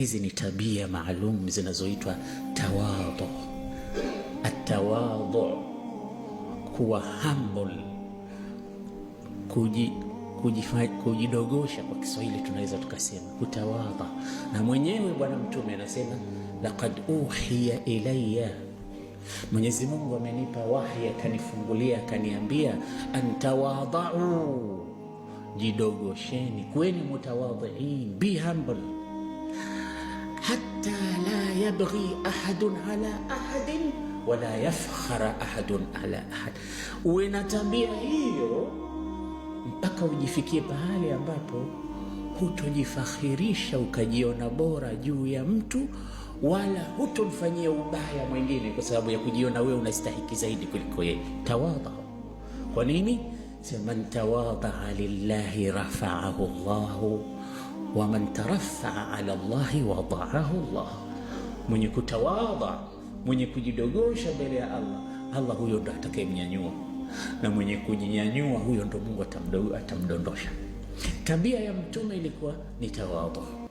Hizi ni tabia maalum zinazoitwa tawadhu. Atawadhu, kuwa humble, kuji kujidogosha kwa Kiswahili tunaweza tukasema kutawadha. Na mwenyewe Bwana Mtume anasema laqad uhiya ilayya, Mwenyezi Mungu amenipa wahi, akanifungulia, akaniambia antawadhau, jidogosheni, kweni mutawadhiin, be humble يبغي أحد على أحد ولا يفخر أحد على أحد. Uwe na tabia hiyo mpaka ujifikie pahali ambapo hutojifakhirisha ukajiona bora juu ya mtu wala hutomfanyia ubaya mwingine kwa sababu ya kujiona wewe unastahiki zaidi kuliko yeye. Tawadha. Kwa nini? Man tawadhaa lillahi rafaahu llahu wa man tarafaa ala llahi wadaahu llah mwenye kutawadha, mwenye kujidogosha mbele ya Allah, Allah huyo ndo atakayemnyanyua, na mwenye kujinyanyua huyo ndo Mungu atamdondosha. Tabia ya mtume ilikuwa ni tawadhu.